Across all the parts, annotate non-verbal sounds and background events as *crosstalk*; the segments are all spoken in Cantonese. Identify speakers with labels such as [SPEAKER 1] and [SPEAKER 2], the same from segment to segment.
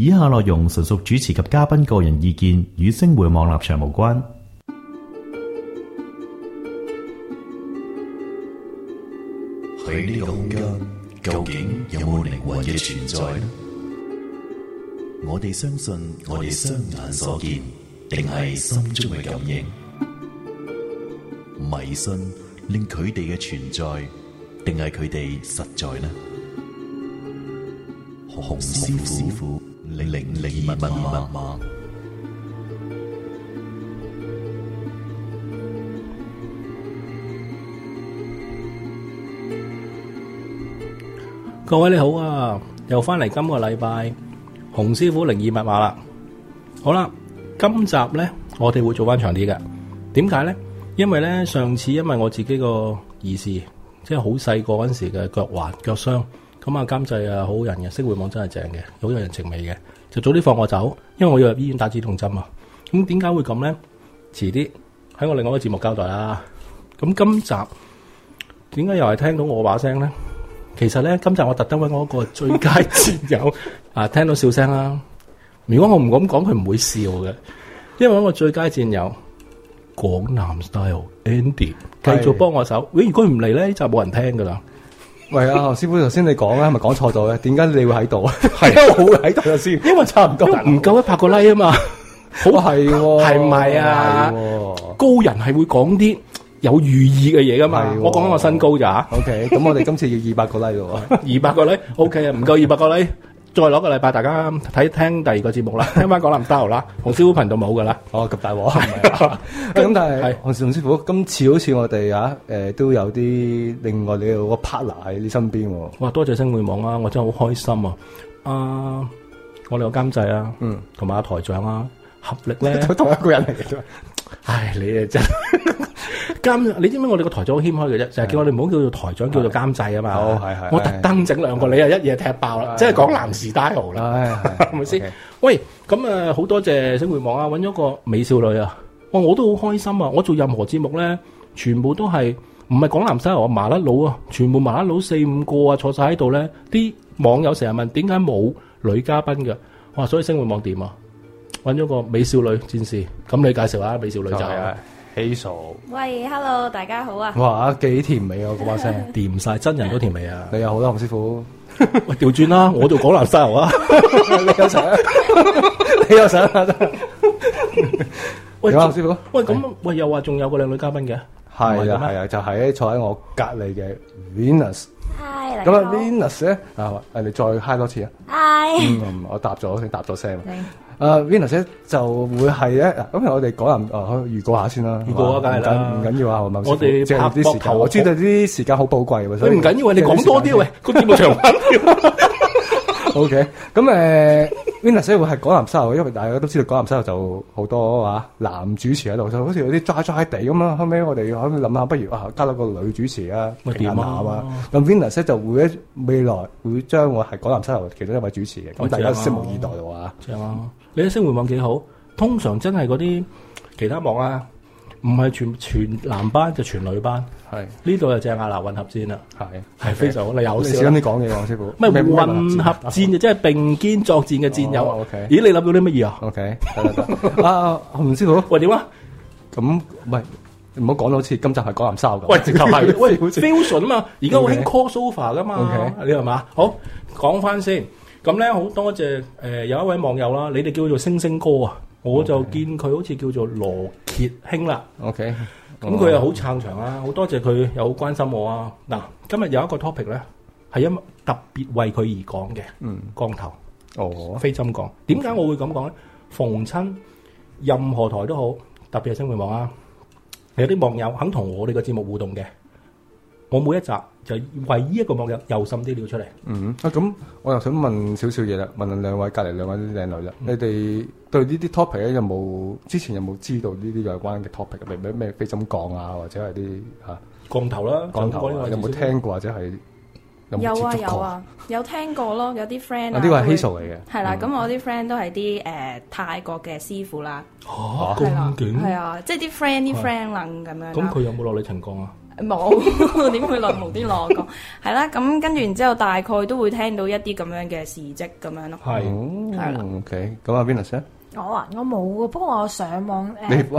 [SPEAKER 1] 以下內容純屬主持及嘉賓個人意見，與星回網立場無關。
[SPEAKER 2] 喺
[SPEAKER 1] 呢個空間究竟有冇靈魂嘅存在呢？我哋相信我哋雙眼所見，定係心中嘅感應？迷信令佢哋嘅存在，定係佢哋實在呢？洪師傅。零零五零二密碼，各位你好啊，又翻嚟今個禮拜洪師傅靈異密碼啦。好啦，今集咧我哋會做翻長啲嘅，點解咧？因為咧上次因為我自己個兒時，即係好細個嗰陣時嘅腳踝腳傷。咁啊，監製啊，好人嘅，識會網真係正嘅，好有人情味嘅，就早啲放我走，因為我要入醫院打止痛針啊。咁點解會咁咧？遲啲喺我另外一個節目交代啦。咁今集點解又係聽到我把聲咧？其實咧，今集我特登揾我一個最佳戰友 *laughs* 啊，聽到笑聲啦。如果我唔咁講，佢唔會笑嘅，因為一個最佳戰友廣南 style Andy 是繼續幫我手。如果唔嚟咧，就冇人聽噶啦。喂啊，師傅，頭先你講咧，係咪講錯咗咧？點解你會喺度、like、啊？因為我好喺度啊，師傅，因為差唔多，唔夠一百個 like 啊嘛，好係喎，係唔係啊？高人係會講啲有寓意嘅嘢噶嘛，哦、我講緊、啊 okay，我身高咋？OK，咁我哋今次要二百個 like 喎，二百 *laughs* 個 like，OK 啊，唔、okay，夠二百個 like。 *laughs* 再攞個禮拜，大家睇聽第二個節目啦。聽晚講林嘉豪啦，洪師傅頻道冇噶啦。哦，咁大鑊。
[SPEAKER 2] 咁但係，洪洪師傅今次好似我哋嚇誒都有啲另外你個 partner
[SPEAKER 1] 喺你身邊、啊。哇！多謝新會網啊，我真係好開心啊！啊，我哋有監製啊，嗯，同埋阿台長啊，合力咧， *laughs* 同一個人嚟嘅
[SPEAKER 2] 啫。
[SPEAKER 1] *laughs* 唉，你啊真～ *laughs* 監，你知唔知我哋個台長好謙開嘅啫，就係叫我哋唔好叫做台長，叫做監製啊嘛。我特登整兩個，你又一夜踢爆啦，即係講男視帶號啦，係咪先？喂，咁啊好多謝星匯網啊，搵咗個美少女啊，哇，我都好開心啊！我做任何節目咧，全部都係唔係講男視帶號啊，麻甩佬啊，全部麻甩佬四五個啊，坐晒喺度咧，啲網友成日問點解冇女嘉賓嘅，哇！所以星匯網點啊？搵咗個美少女戰士，咁你介紹下美少女就係。喂
[SPEAKER 2] ，Hello，大家
[SPEAKER 1] 好啊！哇，啊，幾甜美啊，嗰把聲掂晒，真人都甜美啊！你又好啦，洪師傅，調轉啦，我做港男 style 啊！你有想？你有想啊？喂，洪師傅，喂，咁
[SPEAKER 2] 喂，又話仲有個靚女嘉賓嘅？係啊，係啊，就係坐喺我隔籬嘅 Venus。Hi，咁啊，Venus 咧啊，你再嗨多次啊 Hi 我答咗，你答咗聲。啊 Vincent 就會係咧，咁我哋講下，啊預告下先啦。預告啊，梗係啦，唔緊要啊，我哋我合啲時間，我知道啲時間好寶貴。你唔緊要啊，你講多啲喂，
[SPEAKER 1] 嗰段長文。
[SPEAKER 2] OK，咁誒。Venus 呢會係港南西河，因為大家都知道港南西河就好多啊，男主持喺度，就好似有啲抓喺抓地咁啦。後尾我哋諗下，不如啊加咗個女主持啊，平下啊。咁 Venus 呢就會未來會將我係港南西河其中一位主持嘅，咁、啊、大家拭目以
[SPEAKER 1] 待啦，吓、啊。啊嗯、你啲新聞網幾好，通常真係嗰啲其他網啊。唔係全全男班就全女班，係呢度就正阿納混合戰啦，係係非常好，你小心啲講嘢啊，師傅。咩混合戰就即係並肩作戰嘅戰友。O K，咦你諗到啲乜嘢啊？O K，得得得，啊唔知道。喂點啊？咁
[SPEAKER 2] 喂，唔好講多次，今集係講南沙噶。喂，直頭係喂標準
[SPEAKER 1] 啊嘛，而家好興 call sofa 噶嘛，你係嘛？好講翻先，咁咧好多謝誒有一位網友啦，你哋叫佢做星星哥啊。Okay. 我就見佢好似叫做羅傑興啦，OK，咁佢又好撐場啊，好多謝佢又好關心我啊。嗱，今日有一個 topic 咧，係因特別為佢而講嘅，降、嗯、頭哦，oh. 飛針降。點解我會咁講咧？逢親、oh. 任何台都好，特別係新聞網啊，有啲網友肯同我哋個節目互動嘅。我每一集就為依一個網友遊滲啲料出嚟。
[SPEAKER 2] 嗯啊，咁我又想問少少嘢啦，問兩位隔籬兩位靚女啦，你哋對呢啲 topic 咧有冇之前有冇知道呢啲有關嘅 topic，例如咩飛針降啊，或者係啲吓
[SPEAKER 1] 降頭啦，降頭啊，有冇聽
[SPEAKER 2] 過或者係有啊有啊，有聽過咯，有啲 friend 呢啲係 h i 嚟嘅，係啦，咁我啲 friend 都係啲誒泰國嘅師傅啦。吓咁勁！係啊，即係啲 friend 啲 friend 能咁樣。咁佢
[SPEAKER 1] 有冇落你陳降啊？
[SPEAKER 2] 冇點沒 *laughs* 會輪無端端講，係啦，咁跟住然之後大概都會聽到一啲咁樣嘅事蹟咁樣咯，係係啦。 *noise* 嗯、 *noise* OK，咁阿 Venus 呢？我啊，我冇啊，不過我上網誒睇過。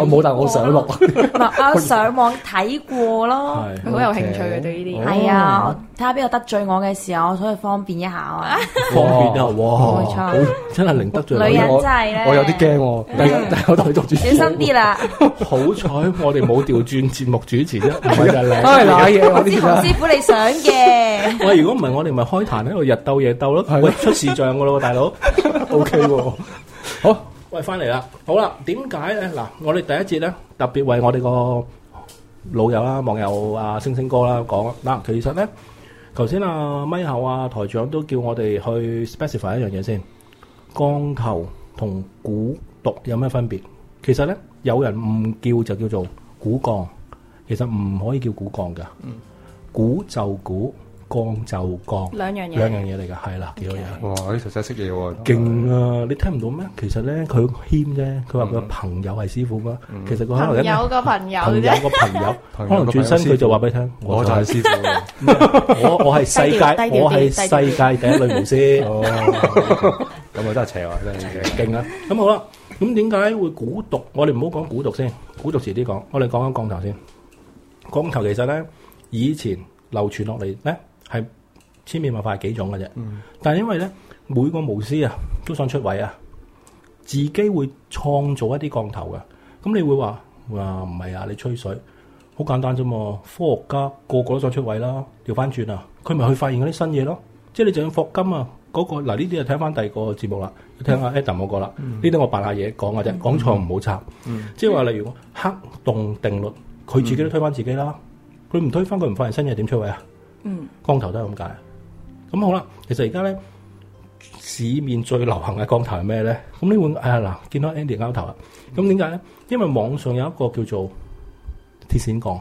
[SPEAKER 2] 我冇，但我上落。唔係，我上網睇過咯。佢好有興趣嘅對呢啲係啊，睇下邊個得罪我嘅時候，我想以方便一下啊。方便啊！哇，冇錯，
[SPEAKER 1] 真係零得罪。女人真係咧，我有啲驚喎。但係我對
[SPEAKER 2] 住主持，小心啲啦。
[SPEAKER 1] 好彩我哋冇調轉節目主持啫，唔係就攞嘢。我知洪師
[SPEAKER 2] 傅你想
[SPEAKER 1] 嘅。喂，如果唔係我哋咪開壇喺度日鬥夜鬥咯。喂，出事象噶咯，大佬。OK。好，喂，翻嚟啦，好啦，點解咧？嗱，我哋第一節咧，特別為我哋個老友啦、網友啊、星星哥啦講嗱，其實咧，頭先阿咪後啊，台長都叫我哋去 specify 一樣嘢先，降頭同蠱毒有咩分別？其實咧，有人唔叫就叫做蠱降，其實唔可以叫蠱降噶，蠱就蠱。降就降，兩樣嘢，兩樣嘢嚟㗎，係啦，幾多嘢？哇！你實在識嘢喎，勁啊！你聽唔到咩？其實咧，佢謙啫。佢話佢個朋友係師傅嘛。其實佢可能有個
[SPEAKER 2] 朋友，朋友嘅朋友，可能轉身佢就話俾你聽，我就係師傅。
[SPEAKER 1] 我我係世界，我係世界第一女巫師。咁啊，真係邪話，真係勁啦！咁好啦，咁點解會蠱毒？我哋唔好講蠱毒先，蠱毒遲啲講。我哋講緊降頭先。降頭其實咧，以前流傳落嚟咧。係千變萬化，係幾種嘅啫。嗯、但係因為咧，每個巫師啊都想出位啊，自己會創造一啲降頭嘅。咁你會話話唔係啊？你吹水好簡單啫嘛。科學家個，個個都想出位啦，調翻轉啊，佢咪去發現嗰啲新嘢咯。即係你仲要霍金啊，嗰、那個嗱，呢啲就睇翻第二個節目啦，嗯、聽 Adam、嗯、下 Adam 嗰個啦。呢啲我扮下嘢講下啫，講錯唔好插。嗯嗯、即係話例如黑洞定律，佢自己都推翻自己啦。佢唔推翻，佢唔發現新嘢，點出位啊？嗯，降頭都係咁解，咁好啦。其實而家咧，市面最流行嘅降頭係咩咧？咁你會誒，嗱，見到 Andy 拗頭啊。咁點解咧？因為網上有一個叫做鐵線降，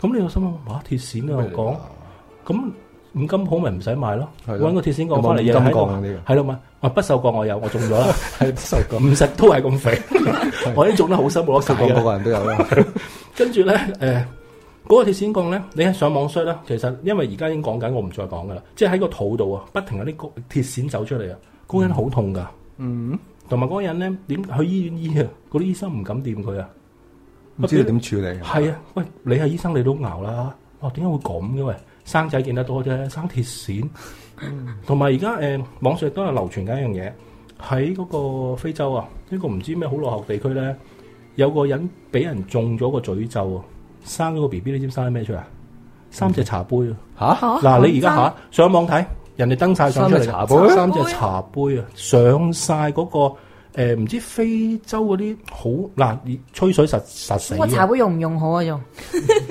[SPEAKER 1] 咁你有心啊？哇，鐵線啊，降，咁五金鋪咪唔使買咯。揾個鐵線降翻嚟，係啦，係啦嘛，我不鏽降我有，我中咗啦，不鏽降，唔食都係咁肥，我已經中得好深，冇攞晒啊。個個人都有啦。跟住咧，誒。嗰個鐵線降咧，你喺上網衰啦。其實因為而家已經講緊，我唔再講噶啦。即係喺個肚度啊，不停有啲鐵線走出嚟啊，嗰人好痛噶。嗯，同埋嗰人咧，點、嗯、去醫院醫啊？嗰啲醫生唔敢掂佢啊。唔知你點處理？係啊，喂，你係醫生你都熬啦。哦、啊，點解會咁嘅喂？生仔見得多啫，生鐵線。同埋而家誒，網上都係流傳緊一樣嘢，喺嗰個非洲啊，一、這個唔知咩好落後地區咧，有個人俾人中咗個詛咒。生咗個 B B，你知唔知生啲咩出嚟？三隻茶杯啊！吓，嗱，你而家吓上網睇，人哋登晒上嚟，上三隻茶杯，三隻茶杯啊，上曬嗰、那個誒，唔知非洲嗰啲好嗱，吹水實實死。茶杯
[SPEAKER 2] 用唔用好啊？用。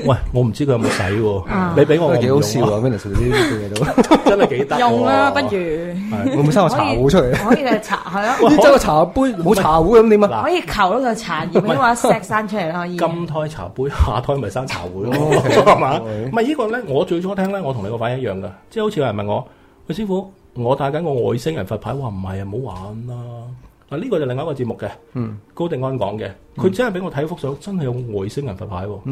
[SPEAKER 1] 喂，我唔知佢有冇洗喎。你俾我幾好笑啊 m i n i 都真係幾得。
[SPEAKER 2] 用啊，不如。會唔會生個茶壺出嚟？可以誒，茶係咯。呢個茶
[SPEAKER 1] 杯冇茶壺咁點啊？可
[SPEAKER 2] 以求到個茶葉，唔好話錫生出嚟啦。可
[SPEAKER 1] 以。金胎茶杯，下胎咪生茶壺咯，係嘛？唔係呢個咧，我最初聽咧，我同你個反應一樣噶，即係好似有人問我：喂，師傅，我帶緊個外星人佛牌，話唔係啊，唔好玩啦。嗱，呢個就另外一個節目嘅，嗯、高定安講嘅，佢真係俾我睇幅相，真係有外星人佛牌喎、啊，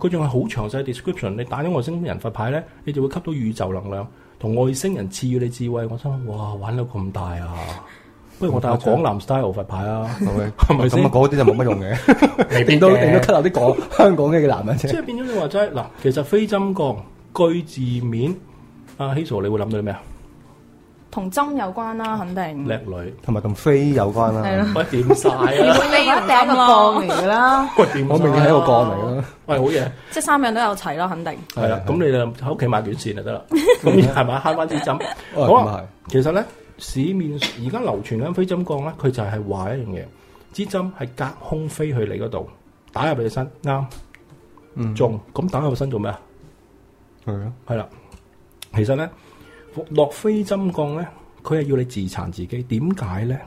[SPEAKER 1] 佢仲係、嗯、好詳細 description，你打咗外星人佛牌咧，你就會吸到宇宙能量，同外星人賜予你智慧，我心諗哇，玩到咁大啊！不如我帶下港南 style 佛牌啊，咁啊，講啲 *laughs* 就冇乜用嘅，定到變到咳下啲講香港嘅嘅男人 *laughs* 即係變咗你話齋嗱，其實飛針降居字面，阿、啊、Hazel，你會諗到啲咩啊？
[SPEAKER 2] 同針有關啦，肯定。叻
[SPEAKER 1] 女，同埋同飛有關啦，喂點晒啊！你而家第一個降嚟啦，我明你喺度降嚟啦，喂好嘢！
[SPEAKER 2] 即係三樣都有齊啦，肯定。
[SPEAKER 1] 係啦，咁你就喺屋企買卷線就得啦，咁係咪慳翻啲針？咁啊，其實咧，市面而家流傳緊飛針降咧，佢就係話一樣嘢，支針係隔空飛去你嗰度，打入你身，啱，中，咁打入個身做咩啊？係啊，係啦，其實咧。落飛針降咧，佢係要你自殘自己，點解咧？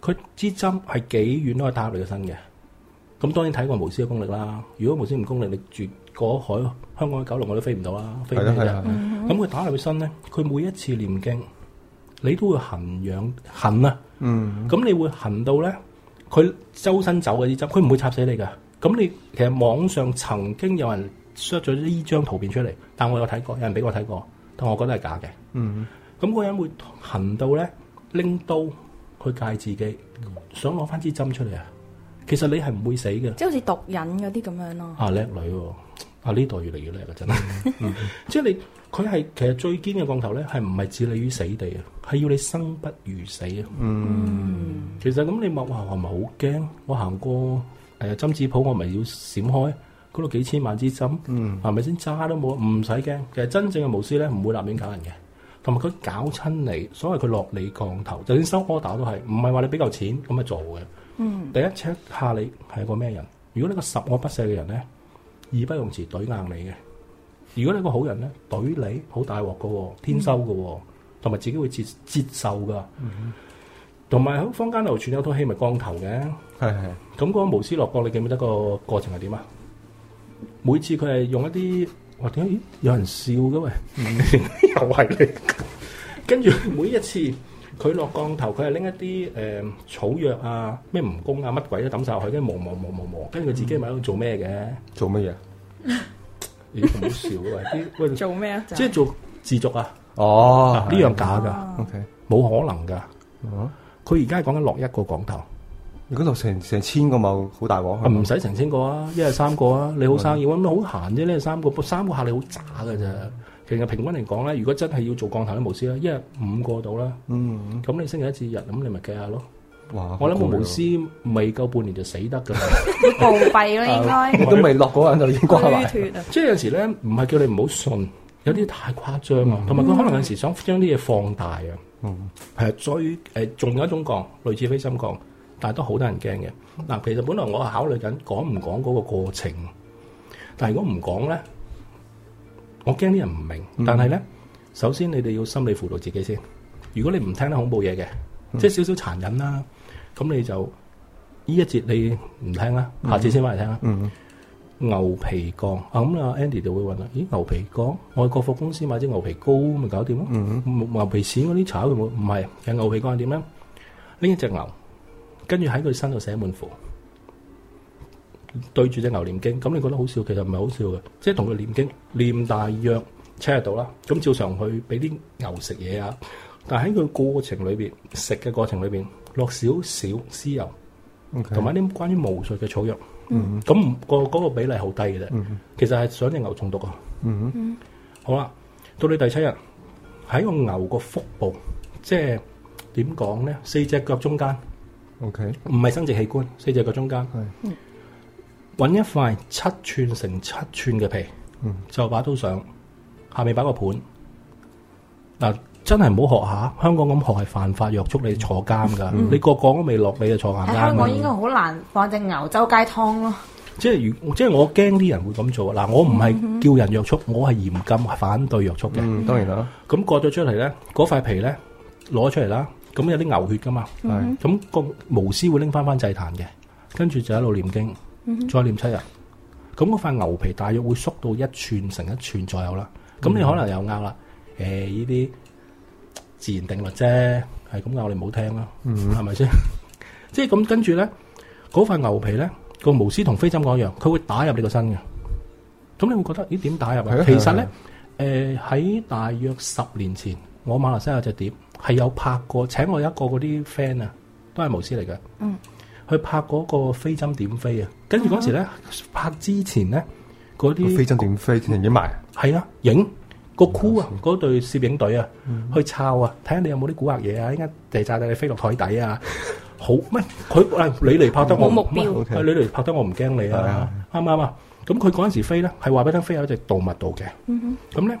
[SPEAKER 1] 佢支針係幾遠都可以打落你個身嘅。咁當然睇個無師嘅功力啦。如果無師唔功力，你絕過海香港九龍我都飛唔到啦，的飛唔到嘅。咁佢、嗯、哼打落你身咧，佢每一次念經，你都會痕癢痕啊。嗯哼。咁你會痕到咧，佢周身走嘅啲針，佢唔會插死你嘅。咁你其實網上曾經有人削咗呢張圖片出嚟，但我有睇過，有人俾我睇過。我覺得係假嘅，咁嗰、嗯、哼人會行到咧，拎刀去戒自己，嗯、想攞翻支針出嚟啊！其實你係唔會死嘅，即係好似毒癮嗰啲咁樣咯、啊啊。啊叻女喎！越越啊呢代越嚟越叻啦，真 *laughs* 係！ *laughs* *laughs* 即係你佢係其實最堅嘅降頭咧，係唔係置你於死地啊？係要你生不如死啊！嗯，嗯其實咁你莫話係咪好驚？我行過誒、哎、針子鋪，我咪要閃開。嗰度幾千萬支針，係咪先？揸都冇，唔使驚。其實真正嘅巫師咧，唔會立面搞人嘅，同埋佢搞親你。所謂佢落你降頭，就算收柯打都係，唔係話你俾夠錢咁咪做嘅。第一 check 下你係一個咩人。如果你個十惡不赦嘅人咧，義不容辭懟硬你嘅。如果你個好人咧，懟你好大鑊噶喎，天收噶喎，同埋自己會接接受噶。同埋喺坊間度傳有套戲，咪降頭嘅。係係的。咁、啊、個巫師落降，你見記唔記得個過程係點啊？每次佢係用一啲，哇！點解咦有人笑嘅喂？嗯、 *laughs* 又係你，跟住每一次佢落降頭，佢係拎一啲誒草藥啊，咩蜈蚣啊，乜鬼都抌晒落去，跟住磨磨磨磨磨，跟住佢自己咪喺度做咩嘅？嗯、做乜嘢？你唔好笑嘅。 *laughs* 喂！做咩、就是、啊？即係做自足啊？哦，呢樣假噶，OK，冇可能噶。佢而家係講緊落一個降頭。如果落成成千個嘛，好大鑊啊，唔使成千個啊，一日三個啊，你好生意，咁好閒啫。呢三個，三個客你好渣噶咋。其實平均嚟講咧，如果真係要做降頭啲巫師啦。一日五個到啦。嗯，咁你星期一至日，咁你咪計下咯。哇！我諗個巫師未夠半年就死得噶，要報廢啦應該。都未落嗰陣就已經瓜埋。即係有時咧，唔係叫你唔好信，有啲太誇張啊，同埋佢可能有時想將啲嘢放大啊。嗯，啊，最誒，仲有一種降，類似飛針降。但係都好多人驚嘅。嗱，其實本來我考慮緊講唔講嗰個過程。但係如果唔講咧，我驚啲人唔明。嗯、但係咧，首先你哋要心理輔導自己先。如果你唔聽得恐怖嘢嘅，嗯、即係少少殘忍啦、啊，咁你就呢一節你唔聽啦、啊，嗯、下次先翻嚟聽啦、啊。
[SPEAKER 2] 嗯
[SPEAKER 1] 嗯、牛皮降啊，咁、嗯、啊 Andy 就會問啦、啊，咦，牛皮降？外國貨公司買隻牛皮膏咪搞掂咯、啊嗯？牛皮紙嗰啲炒佢冇，唔係，係牛皮降點咧？拎一隻牛。跟住喺佢身度寫滿符，對住隻牛唸經。咁你覺得好笑？其實唔係好笑嘅，即係同佢唸經唸大約七日到啦。咁照常去俾啲牛食嘢啊。但喺佢過程裏邊食嘅過程裏邊落少少屍油，同埋啲關於巫術嘅草藥。咁個嗰個比例好低嘅啫。其實係想隻牛中毒啊。好啦，到你第七日喺個牛個腹部，即係點講咧？四隻腳中間。O K，唔係生殖器官，四隻腳中間，揾是一塊七寸乘七寸嘅皮，嗯、就把刀上，下面擺個盤。嗱、啊，真係唔好學下，香港咁學係犯法，約束你坐監噶。嗯、你個個都未落，你就坐硬監。嗯、喺香港應該
[SPEAKER 2] 好難放隻牛周街劏咯、啊。
[SPEAKER 1] 即係如，即係我驚啲人會咁做。嗱、啊，我唔係叫人約束，我係嚴禁、反對約束嘅、嗯。當然啦，咁割咗出嚟咧，嗰塊皮咧，攞出嚟啦。咁有啲牛血噶嘛，咁個巫師會拎翻翻祭壇嘅，跟住就一路念經，再念七日，咁嗰塊牛皮大約會縮到一寸成一寸左右啦。咁你可能又啱啦，誒呢啲自然定律啫，係咁嗌我哋唔好聽啦，係咪先？即係咁跟住咧，嗰塊牛皮咧，個巫師同飛針一樣，佢會打入你個身嘅。咁你會覺得咦？點打入啊？其實咧，誒喺大約十年前，我馬來西亞隻碟，係有拍過，請我一個嗰啲 friend 啊，都係巫師嚟嘅。嗯，去拍嗰個飛針點飛啊，跟住嗰時咧拍之前咧，嗰啲飛針點飛，影影埋。係、嗯、啊，個 cool 嗯、影個箍啊，嗰對攝影隊啊，去抄啊，睇下你有冇啲古惑嘢啊，一陣地炸炸你飛落台底啊，好咩？佢你嚟拍得我目標，嘛 Okay. 你嚟拍得我唔驚你啊，啱唔啱啊？咁佢嗰陣時飛咧，係話俾佢飛有一隻動物到嘅，咁咧、嗯。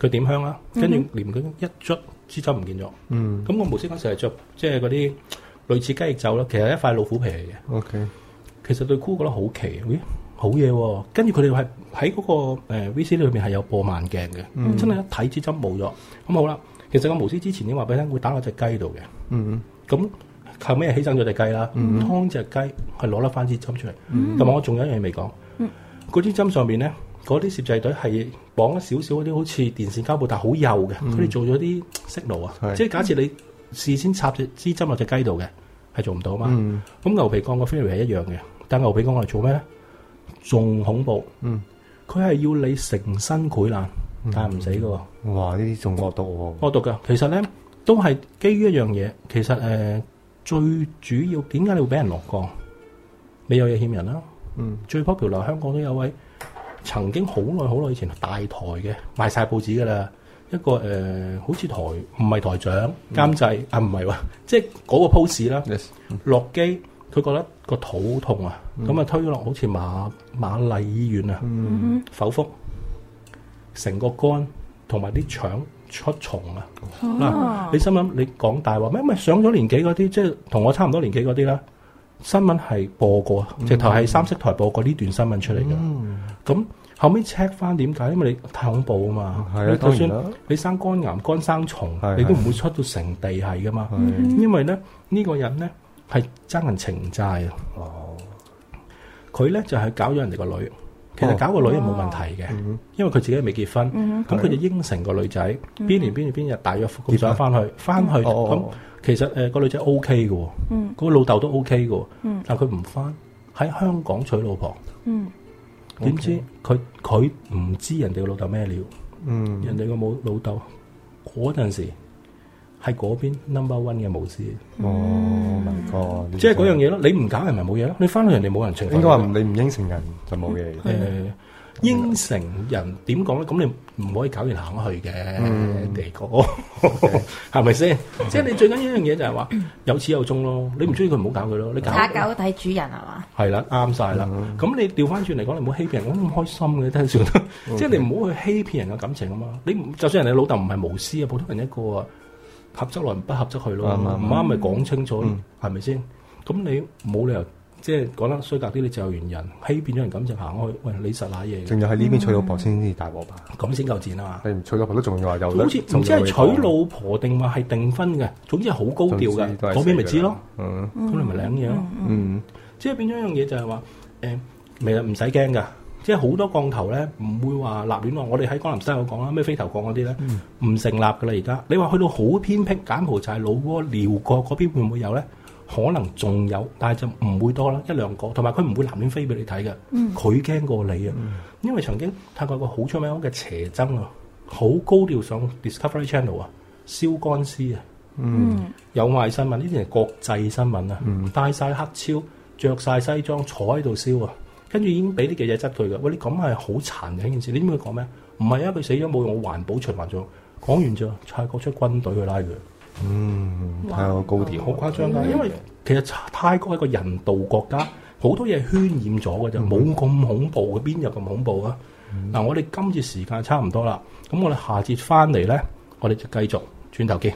[SPEAKER 1] 佢點香啦？跟住連佢一卒支針唔見咗。嗯，咁個巫師嗰時係着，即係嗰啲類似雞翼袖啦，其實一塊老虎皮嚟嘅。OK，其實對酷覺得好奇，咦，好嘢喎，哦！跟住佢哋係喺嗰個 V C 裏面係有播慢鏡嘅，嗯、真係一睇支針冇咗。咁好啦，其實個巫師之前已經咧話俾你聽，會打落隻雞度嘅。嗯咁後尾起身咗隻雞啦，嗯、劏隻雞係攞得翻支針出嚟。同埋我仲有一樣嘢未講，嗰啲針上面咧，嗰啲攝製隊係。講少少嗰啲好似電線膠布，但係好幼嘅，佢哋做咗啲色牢啊，即係假設你事先插隻支針落隻雞度嘅，係做唔到啊嘛。咁牛皮降個 feel 係一樣嘅，但牛皮降我嚟做咩咧？仲恐怖，佢係要你成身潰爛，但係唔死噶。哇！呢啲仲惡毒喎。惡毒噶，其實咧都係基於一樣嘢。其實誒最主要點解你會俾人落降？你有嘢欠人啦。嗯，最 popular 香港都有位。曾經好耐好耐以前大台嘅賣晒報紙噶啦，一個誒、呃、好似台唔係台長、嗯、監製啊，唔係喎，即係嗰個 pose 啦。落機佢覺得個肚痛啊，咁啊、嗯、推落好似馬、瑪麗醫院啊，嗯、剖腹成個肝同埋啲腸出蟲啊！嗱、啊，你心諗你講大話咩？唔係上咗年紀嗰啲，即係同我差唔多年紀嗰啲啦。新聞係播過，直頭係三色台播過呢段新聞出嚟嘅。咁、嗯、後尾 check 翻點解？因為你太恐怖啊嘛！嗯、啊你就算你生肝癌、肝生蟲，啊、你都唔會出到成地係噶嘛。啊啊、因為咧呢、呢個人咧係爭人情債，佢咧、哦、就係、是、搞咗人哋個女。其實搞個女人冇問題嘅，啊、因為佢自己係未結婚，咁佢、嗯、就應承個女仔邊、嗯、年邊月邊日大約結束翻去，翻婚去咁、哦、其實誒個、呃、女仔 O K 嘅，嗰、嗯、個老豆都 O K 嘅，嗯、但佢唔翻喺香港娶老婆，點、嗯、知佢佢唔知人哋個老豆咩料，嗯、人哋個母老豆嗰陣時。係嗰邊 number one 嘅巫師哦，明哥，即係嗰樣嘢咯。你唔搞，係咪冇嘢咯？你翻到人哋冇人出，應該話你唔應承人就冇嘢。誒，應承人點講咧？咁你唔可以搞完行去嘅地哥，係咪先？即係你最緊要一樣嘢就係話有始有終咯。你唔中意佢，唔好搞佢咯。你搞，睇主人係嘛？係啦，啱曬啦。咁你調翻轉嚟講，你唔好欺騙人咁開心嘅，真係笑得。即係你唔好去欺騙人嘅感情啊嘛。你就算人哋老豆唔係巫師啊，普通人一個啊。合則來，不合則去咯。唔啱咪講清楚，係咪先？咁你冇理由即係講得衰格啲，你就有完人欺騙咗人感情就行開。喂，你實瀨嘢，仲要喺呢邊娶老婆先
[SPEAKER 2] 至大鑊吧？
[SPEAKER 1] 咁先夠錢啊嘛。
[SPEAKER 2] 你唔娶老婆都仲話有，好似，唔知係娶
[SPEAKER 1] 老婆是是定話係訂婚嘅，總之係好高調噶。嗰邊咪知咯。咁你咪舐嘢咯嗯嗯嗯嗯。嗯，即係變咗一樣嘢就係話誒，未、欸、啊？唔使驚噶。即係好多降頭咧，唔會話立亂話。我哋喺江南西有講啦，咩飛頭降嗰啲咧，唔、嗯、成立噶啦而家。你話去到好偏僻，柬埔寨、老撾、寮國嗰邊會唔會有咧？可能仲有，但係就唔會多啦，一兩個。同埋佢唔會立亂飛俾你睇嘅，佢驚、嗯、過你啊！嗯、因為曾經睇過個好出名嘅邪僧啊，好高調上 Discovery Channel 啊，燒乾屍啊。嗯。嗯，有壞新聞，呢啲係國際新聞啊。嗯嗯、戴晒黑超，着晒西裝，坐喺度燒啊。跟住已經俾呢幾隻執佢嘅，喂！你咁係好殘嘅一件事，你知唔知佢講咩？唔係啊，佢死咗冇用，我環保循環咗。講完就、嗯、泰國出軍隊去拉佢。哇嗯，泰國高調，好誇張㗎。因為其實泰國係一個人道國家，好多嘢渲染咗㗎啫，冇咁恐怖，邊、嗯、有咁恐怖、嗯、啊？嗱，我哋今次時間差唔多啦，咁我哋下次翻嚟咧，我哋就繼續轉頭見。